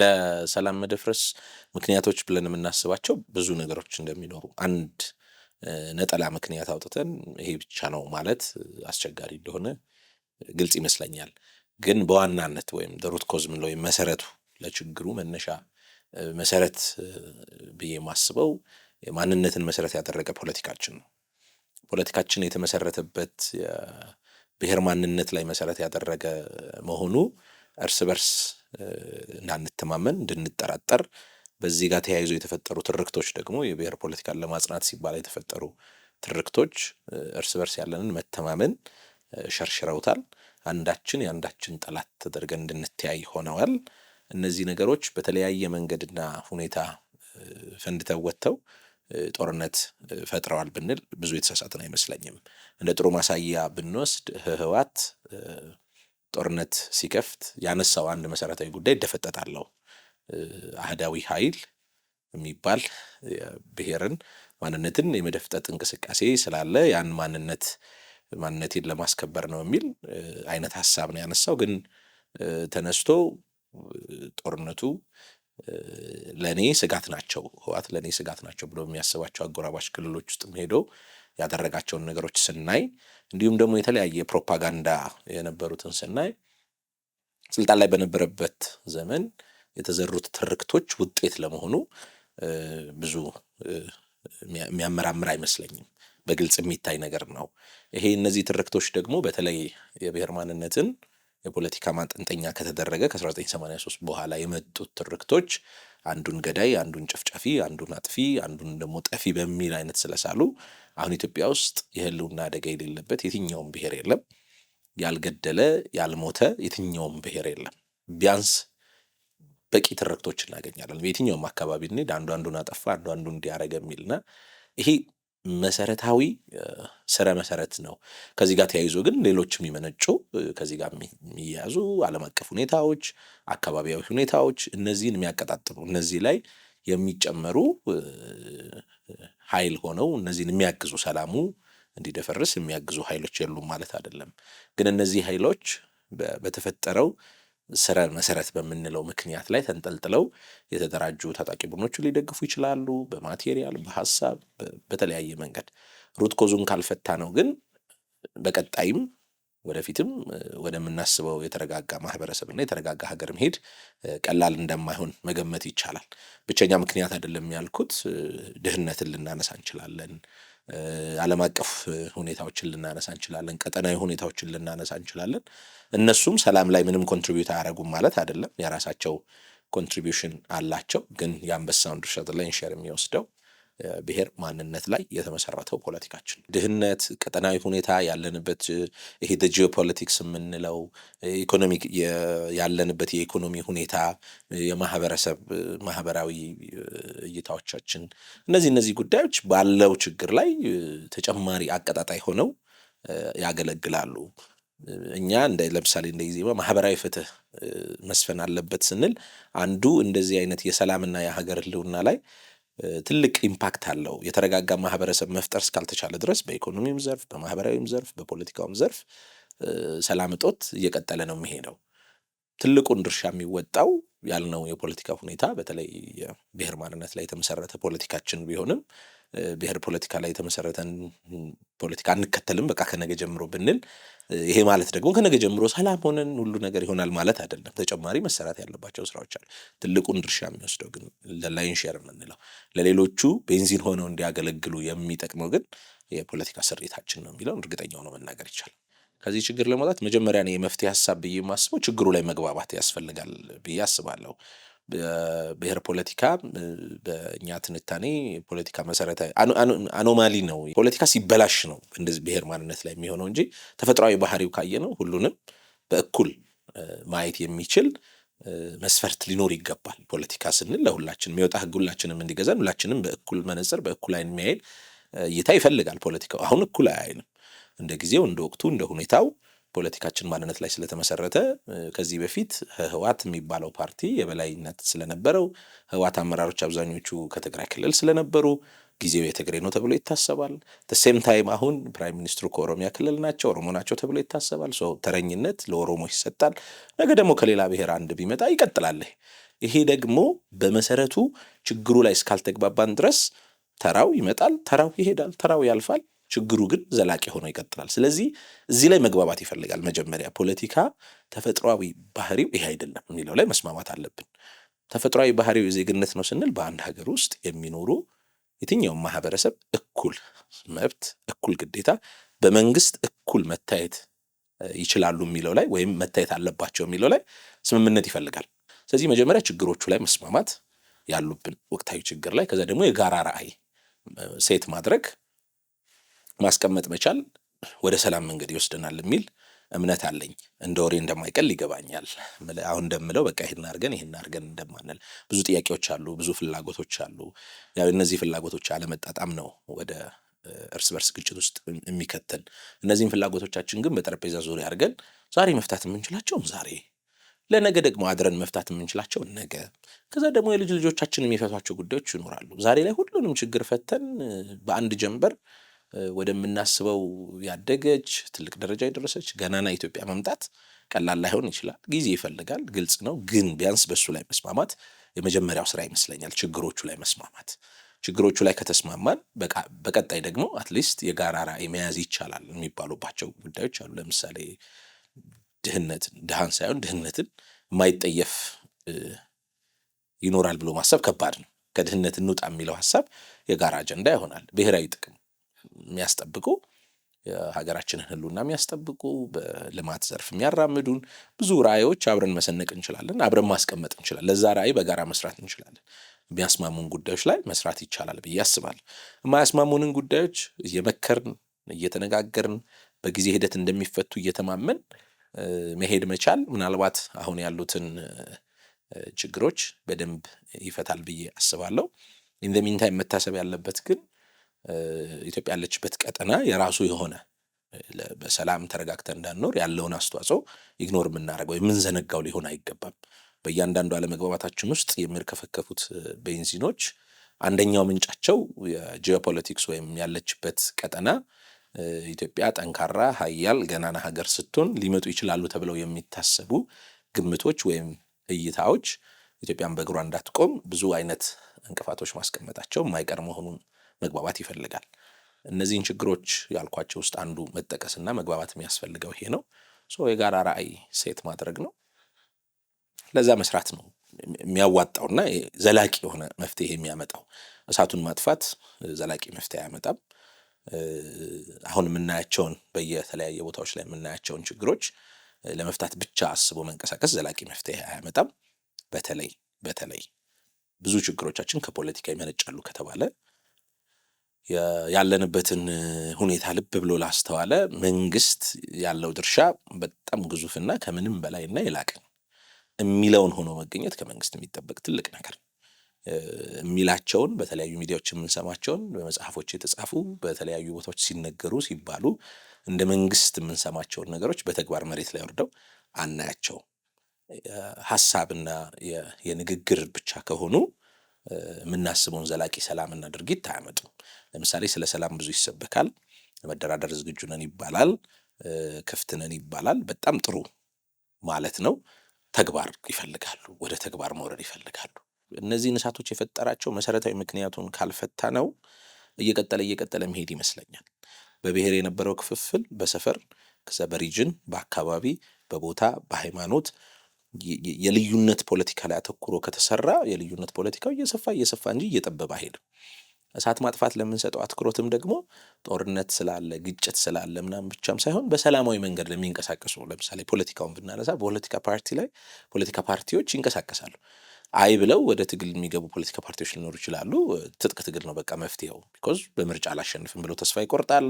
ለሰላም መደፍረስ ምክንያቶች ብለን የምናስባቸው ብዙ ነገሮች እንደሚኖሩ አንድ ነጠላ ምክንያት አውጥተን ይሄ ብቻ ነው ማለት አስቸጋሪ እንደሆነ ግልጽ ይመስለኛል። ግን በዋናነት ወይም ሩት ኮዝ ምንለው ወይም መሰረቱ ለችግሩ መነሻ መሰረት ብዬ የማስበው ማንነትን መሰረት ያደረገ ፖለቲካችን ነው። ፖለቲካችን የተመሰረተበት ብሔር ማንነት ላይ መሰረት ያደረገ መሆኑ እርስ በርስ እንዳንተማመን እንድንጠራጠር በዚህ ጋር ተያይዞ የተፈጠሩ ትርክቶች ደግሞ የብሔር ፖለቲካን ለማጽናት ሲባል የተፈጠሩ ትርክቶች እርስ በርስ ያለንን መተማመን ሸርሽረውታል። አንዳችን የአንዳችን ጠላት ተደርገን እንድንተያይ ሆነዋል። እነዚህ ነገሮች በተለያየ መንገድና ሁኔታ ፈንድተው ወጥተው ጦርነት ፈጥረዋል ብንል ብዙ የተሳሳትን አይመስለኝም። እንደ ጥሩ ማሳያ ብንወስድ ህወሓት ጦርነት ሲከፍት ያነሳው አንድ መሰረታዊ ጉዳይ እደፈጠጣለው አህዳዊ ኃይል የሚባል ብሔርን ማንነትን የመደፍጠጥ እንቅስቃሴ ስላለ ያን ማንነት ማንነቴን ለማስከበር ነው የሚል አይነት ሀሳብ ነው ያነሳው። ግን ተነስቶ ጦርነቱ ለእኔ ስጋት ናቸው፣ ህወሓት ለእኔ ስጋት ናቸው ብሎ የሚያስባቸው አጎራባች ክልሎች ውስጥ ሄዶ ያደረጋቸውን ነገሮች ስናይ፣ እንዲሁም ደግሞ የተለያየ ፕሮፓጋንዳ የነበሩትን ስናይ ስልጣን ላይ በነበረበት ዘመን የተዘሩት ትርክቶች ውጤት ለመሆኑ ብዙ የሚያመራምር አይመስለኝም። በግልጽ የሚታይ ነገር ነው። ይሄ እነዚህ ትርክቶች ደግሞ በተለይ የብሔር ማንነትን የፖለቲካ ማጠንጠኛ ከተደረገ ከ1983 በኋላ የመጡት ትርክቶች አንዱን ገዳይ፣ አንዱን ጨፍጫፊ፣ አንዱን አጥፊ፣ አንዱን ደግሞ ጠፊ በሚል አይነት ስለሳሉ አሁን ኢትዮጵያ ውስጥ የህልውና አደጋ የሌለበት የትኛውም ብሔር የለም። ያልገደለ ያልሞተ የትኛውም ብሔር የለም። ቢያንስ በቂ ትርክቶች እናገኛለን። በየትኛውም አካባቢ እንሂድ አንዱ አንዱን አጠፋ፣ አንዱ አንዱ እንዲያረገ የሚልና ይሄ መሰረታዊ ስረ መሰረት ነው። ከዚህ ጋር ተያይዞ ግን ሌሎች የሚመነጩ ከዚህ ጋር የሚያያዙ ዓለም አቀፍ ሁኔታዎች፣ አካባቢያዊ ሁኔታዎች እነዚህን የሚያቀጣጥሉ እነዚህ ላይ የሚጨመሩ ኃይል ሆነው እነዚህን የሚያግዙ ሰላሙ እንዲደፈርስ የሚያግዙ ኃይሎች የሉም ማለት አይደለም። ግን እነዚህ ኃይሎች በተፈጠረው ስረ መሰረት በምንለው ምክንያት ላይ ተንጠልጥለው የተደራጁ ታጣቂ ቡድኖችን ሊደግፉ ይችላሉ፣ በማቴሪያል በሀሳብ፣ በተለያየ መንገድ። ሩት ኮዙን ካልፈታ ነው ግን በቀጣይም ወደፊትም ወደምናስበው የተረጋጋ ማህበረሰብ እና የተረጋጋ ሀገር መሄድ ቀላል እንደማይሆን መገመት ይቻላል። ብቸኛ ምክንያት አይደለም ያልኩት ድህነትን ልናነሳ እንችላለን። ዓለም አቀፍ ሁኔታዎችን ልናነሳ እንችላለን። ቀጠናዊ ሁኔታዎችን ልናነሳ እንችላለን። እነሱም ሰላም ላይ ምንም ኮንትሪቢዩት አያደርጉም ማለት አይደለም። የራሳቸው ኮንትሪቢሽን አላቸው። ግን የአንበሳውን ድርሻ ዘ ላይን ሼር የሚወስደው ብሔር ማንነት ላይ የተመሰረተው ፖለቲካችን ድህነት፣ ቀጠናዊ ሁኔታ ያለንበት ይሄ ጂኦፖለቲክስ የምንለው ኢኮኖሚ ያለንበት የኢኮኖሚ ሁኔታ፣ የማህበረሰብ ማህበራዊ እይታዎቻችን፣ እነዚህ እነዚህ ጉዳዮች ባለው ችግር ላይ ተጨማሪ አቀጣጣይ ሆነው ያገለግላሉ። እኛ እንደ ለምሳሌ እንደ ኢዜማ ማህበራዊ ፍትህ መስፈን አለበት ስንል አንዱ እንደዚህ አይነት የሰላምና የሀገር ህልውና ላይ ትልቅ ኢምፓክት አለው። የተረጋጋ ማህበረሰብ መፍጠር እስካልተቻለ ድረስ በኢኮኖሚውም ዘርፍ፣ በማህበራዊም ዘርፍ፣ በፖለቲካውም ዘርፍ ሰላም እጦት እየቀጠለ ነው የሚሄደው። ትልቁን ድርሻ የሚወጣው ያልነው የፖለቲካ ሁኔታ በተለይ የብሔር ማንነት ላይ የተመሰረተ ፖለቲካችን ቢሆንም ብሔር ፖለቲካ ላይ የተመሰረተን ፖለቲካ አንከተልም በቃ ከነገ ጀምሮ ብንል ይሄ ማለት ደግሞ ከነገ ጀምሮ ሰላም ሆነን ሁሉ ነገር ይሆናል ማለት አይደለም። ተጨማሪ መሰራት ያለባቸው ስራዎች አሉ። ትልቁን ድርሻ የሚወስደው ግን ለላይን ሼር የምንለው ለሌሎቹ ቤንዚን ሆነው እንዲያገለግሉ የሚጠቅመው ግን የፖለቲካ ስሪታችን ነው የሚለውን እርግጠኛ ሆኖ መናገር ይቻላል። ከዚህ ችግር ለመውጣት መጀመሪያ የመፍትሄ ሀሳብ ብዬ የማስበው ችግሩ ላይ መግባባት ያስፈልጋል ብዬ አስባለሁ። ብሔር ፖለቲካ በእኛ ትንታኔ ፖለቲካ መሰረታዊ አኖማሊ ነው። ፖለቲካ ሲበላሽ ነው እንደዚህ ብሔር ማንነት ላይ የሚሆነው እንጂ ተፈጥሯዊ ባህሪው ካየ ነው ሁሉንም በእኩል ማየት የሚችል መስፈርት ሊኖር ይገባል። ፖለቲካ ስንል ለሁላችን የሚወጣ ህግ ሁላችንም እንዲገዛን ሁላችንም በእኩል መነጽር በእኩል አይን የሚያይል እይታ ይፈልጋል። ፖለቲካው አሁን እኩል አይንም እንደ ጊዜው እንደ ወቅቱ እንደ ሁኔታው ፖለቲካችን ማንነት ላይ ስለተመሰረተ ከዚህ በፊት ህወሓት የሚባለው ፓርቲ የበላይነት ስለነበረው ህወሓት አመራሮች አብዛኞቹ ከትግራይ ክልል ስለነበሩ ጊዜው የትግሬ ነው ተብሎ ይታሰባል። ተሴም ታይም አሁን ፕራይም ሚኒስትሩ ከኦሮሚያ ክልል ናቸው፣ ኦሮሞ ናቸው ተብሎ ይታሰባል። ተረኝነት ለኦሮሞ ይሰጣል። ነገ ደግሞ ከሌላ ብሔር አንድ ቢመጣ ይቀጥላል። ይሄ ደግሞ በመሰረቱ ችግሩ ላይ እስካልተግባባን ድረስ ተራው ይመጣል፣ ተራው ይሄዳል፣ ተራው ያልፋል። ችግሩ ግን ዘላቂ ሆኖ ይቀጥላል። ስለዚህ እዚህ ላይ መግባባት ይፈልጋል። መጀመሪያ ፖለቲካ ተፈጥሯዊ ባህሪው ይሄ አይደለም የሚለው ላይ መስማማት አለብን። ተፈጥሯዊ ባህሪው የዜግነት ነው ስንል በአንድ ሀገር ውስጥ የሚኖሩ የትኛውም ማህበረሰብ እኩል መብት፣ እኩል ግዴታ፣ በመንግስት እኩል መታየት ይችላሉ የሚለው ላይ ወይም መታየት አለባቸው የሚለው ላይ ስምምነት ይፈልጋል። ስለዚህ መጀመሪያ ችግሮቹ ላይ መስማማት ያሉብን ወቅታዊ ችግር ላይ ከዛ ደግሞ የጋራ ራዕይ ሴት ማድረግ ማስቀመጥ መቻል ወደ ሰላም መንገድ ይወስደናል የሚል እምነት አለኝ። እንደ ወሬ እንደማይቀል ይገባኛል። አሁን እንደምለው በቃ ይሄን አርገን ይሄን አድርገን እንደማንል ብዙ ጥያቄዎች አሉ፣ ብዙ ፍላጎቶች አሉ። ያው እነዚህ ፍላጎቶች አለመጣጣም ነው ወደ እርስ በርስ ግጭት ውስጥ የሚከተን። እነዚህም ፍላጎቶቻችን ግን በጠረጴዛ ዙሪያ አድርገን ዛሬ መፍታት የምንችላቸውም ዛሬ ለነገ ደግሞ አድረን መፍታት የምንችላቸው ነገ፣ ከዛ ደግሞ የልጅ ልጆቻችን የሚፈቷቸው ጉዳዮች ይኖራሉ። ዛሬ ላይ ሁሉንም ችግር ፈተን በአንድ ጀንበር ወደምናስበው ያደገች ትልቅ ደረጃ የደረሰች ገናና ኢትዮጵያ መምጣት ቀላል ላይሆን ይችላል። ጊዜ ይፈልጋል፣ ግልጽ ነው። ግን ቢያንስ በሱ ላይ መስማማት የመጀመሪያው ስራ ይመስለኛል። ችግሮቹ ላይ መስማማት። ችግሮቹ ላይ ከተስማማን በቀጣይ ደግሞ አትሊስት የጋራ ራዕይ መያዝ ይቻላል የሚባሉባቸው ጉዳዮች አሉ። ለምሳሌ ድህነትን ድሃን ሳይሆን ድህነትን የማይጠየፍ ይኖራል ብሎ ማሰብ ከባድ ነው። ከድህነት እንውጣ የሚለው ሀሳብ የጋራ አጀንዳ ይሆናል። ብሔራዊ ጥቅም የሚያስጠብቁ የሀገራችንን ህሉና የሚያስጠብቁ በልማት ዘርፍ የሚያራምዱን ብዙ ራዕዮች አብረን መሰነቅ እንችላለን፣ አብረን ማስቀመጥ እንችላለን። ለዛ ራዕይ በጋራ መስራት እንችላለን። የሚያስማሙን ጉዳዮች ላይ መስራት ይቻላል ብዬ አስባለሁ። የማያስማሙንን ጉዳዮች እየመከርን እየተነጋገርን በጊዜ ሂደት እንደሚፈቱ እየተማመን መሄድ መቻል ምናልባት አሁን ያሉትን ችግሮች በደንብ ይፈታል ብዬ አስባለሁ። ኢን መታሰብ ያለበት ግን ኢትዮጵያ ያለችበት ቀጠና የራሱ የሆነ በሰላም ተረጋግተን እንዳንኖር ያለውን አስተዋጽኦ ኢግኖር የምናደርገው የምንዘነጋው ሊሆን አይገባም። በእያንዳንዱ አለመግባባታችን ውስጥ የሚርከፈከፉት ቤንዚኖች አንደኛው ምንጫቸው የጂኦፖለቲክስ ወይም ያለችበት ቀጠና ኢትዮጵያ ጠንካራ ሀያል ገናና ሀገር ስትሆን ሊመጡ ይችላሉ ተብለው የሚታሰቡ ግምቶች ወይም እይታዎች ኢትዮጵያን በእግሯ እንዳትቆም ብዙ አይነት እንቅፋቶች ማስቀመጣቸው የማይቀር መሆኑን መግባባት ይፈልጋል። እነዚህን ችግሮች ያልኳቸው ውስጥ አንዱ መጠቀስና መግባባት የሚያስፈልገው ይሄ ነው። የጋራ ራዕይ ሴት ማድረግ ነው። ለዛ መስራት ነው የሚያዋጣውና ዘላቂ የሆነ መፍትሄ የሚያመጣው። እሳቱን ማጥፋት ዘላቂ መፍትሄ አያመጣም። አሁን የምናያቸውን በየተለያየ ቦታዎች ላይ የምናያቸውን ችግሮች ለመፍታት ብቻ አስቦ መንቀሳቀስ ዘላቂ መፍትሄ አያመጣም። በተለይ በተለይ ብዙ ችግሮቻችን ከፖለቲካ ይመነጫሉ ከተባለ ያለንበትን ሁኔታ ልብ ብሎ ላስተዋለ መንግስት ያለው ድርሻ በጣም ግዙፍና ከምንም በላይና የላቀ የሚለውን ሆኖ መገኘት ከመንግስት የሚጠበቅ ትልቅ ነገር የሚላቸውን በተለያዩ ሚዲያዎች የምንሰማቸውን በመጽሐፎች የተጻፉ በተለያዩ ቦታዎች ሲነገሩ ሲባሉ እንደ መንግስት የምንሰማቸውን ነገሮች በተግባር መሬት ላይ ወርደው አናያቸውም። ሀሳብና የንግግር ብቻ ከሆኑ የምናስበውን ዘላቂ ሰላምና ድርጊት አያመጡም። ለምሳሌ ስለ ሰላም ብዙ ይሰበካል። ለመደራደር ዝግጁ ነን ይባላል፣ ክፍት ነን ይባላል። በጣም ጥሩ ማለት ነው። ተግባር ይፈልጋሉ፣ ወደ ተግባር መውረድ ይፈልጋሉ። እነዚህ እሳቶች የፈጠራቸው መሰረታዊ ምክንያቱን ካልፈታ ነው እየቀጠለ እየቀጠለ መሄድ ይመስለኛል። በብሔር የነበረው ክፍፍል በሰፈር ከዛ በሪጅን በአካባቢ በቦታ በሃይማኖት የልዩነት ፖለቲካ ላይ አተኩሮ ከተሰራ የልዩነት ፖለቲካው እየሰፋ እየሰፋ እንጂ እየጠበበ አይሄድም። እሳት ማጥፋት ለምንሰጠው አትኩሮትም ደግሞ ጦርነት ስላለ ግጭት ስላለ ምናምን ብቻም ሳይሆን በሰላማዊ መንገድ ለሚንቀሳቀሱ ለምሳሌ ፖለቲካውን ብናነሳ በፖለቲካ ፓርቲ ላይ ፖለቲካ ፓርቲዎች ይንቀሳቀሳሉ። አይ ብለው ወደ ትግል የሚገቡ ፖለቲካ ፓርቲዎች ሊኖሩ ይችላሉ። ትጥቅ ትግል ነው በቃ መፍትሄው። ቢኮዝ በምርጫ አላሸንፍም ብለው ተስፋ ይቆርጣል።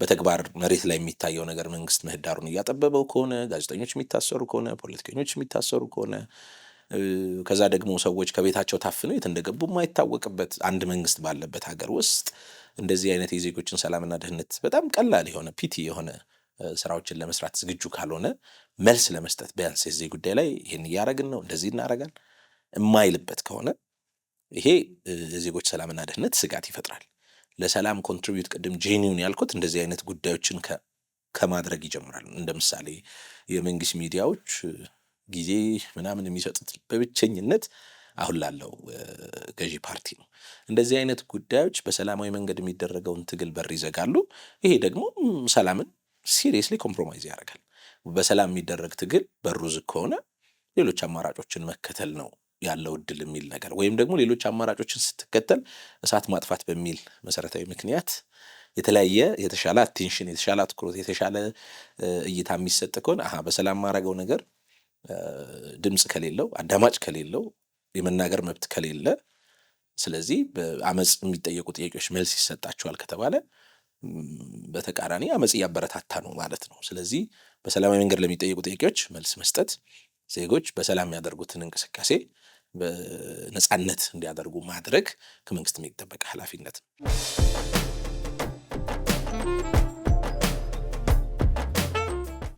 በተግባር መሬት ላይ የሚታየው ነገር መንግስት ምህዳሩን እያጠበበው ከሆነ ጋዜጠኞች የሚታሰሩ ከሆነ ፖለቲከኞች የሚታሰሩ ከሆነ ከዛ ደግሞ ሰዎች ከቤታቸው ታፍነው የት እንደገቡ የማይታወቅበት አንድ መንግስት ባለበት ሀገር ውስጥ እንደዚህ አይነት የዜጎችን ሰላምና ደህንነት በጣም ቀላል የሆነ ፒቲ የሆነ ስራዎችን ለመስራት ዝግጁ ካልሆነ መልስ ለመስጠት ቢያንስ የዚህ ጉዳይ ላይ ይህን እያረግን ነው እንደዚህ እናደርጋል የማይልበት ከሆነ ይሄ የዜጎች ሰላምና ደህንነት ስጋት ይፈጥራል። ለሰላም ኮንትሪቢዩት ቅድም ጄኒውን ያልኩት እንደዚህ አይነት ጉዳዮችን ከማድረግ ይጀምራል። እንደ ምሳሌ የመንግስት ሚዲያዎች ጊዜ ምናምን የሚሰጡት በብቸኝነት አሁን ላለው ገዢ ፓርቲ ነው። እንደዚህ አይነት ጉዳዮች በሰላማዊ መንገድ የሚደረገውን ትግል በር ይዘጋሉ። ይሄ ደግሞ ሰላምን ሲሪየስሊ ኮምፕሮማይዝ ያደርጋል። በሰላም የሚደረግ ትግል በሩ ዝግ ከሆነ ሌሎች አማራጮችን መከተል ነው ያለው እድል የሚል ነገር ወይም ደግሞ ሌሎች አማራጮችን ስትከተል እሳት ማጥፋት በሚል መሰረታዊ ምክንያት የተለያየ የተሻለ አቴንሽን፣ የተሻለ አትኩሮት፣ የተሻለ እይታ የሚሰጥ ከሆነ አሀ በሰላም ማድረገው ነገር ድምፅ ከሌለው አዳማጭ ከሌለው የመናገር መብት ከሌለ ስለዚህ በአመፅ የሚጠየቁ ጥያቄዎች መልስ ይሰጣቸዋል ከተባለ በተቃራኒ አመፅ እያበረታታ ነው ማለት ነው። ስለዚህ በሰላማዊ መንገድ ለሚጠየቁ ጥያቄዎች መልስ መስጠት ዜጎች በሰላም ያደርጉትን እንቅስቃሴ በነፃነት እንዲያደርጉ ማድረግ ከመንግስት የሚጠበቅ ኃላፊነት ነው።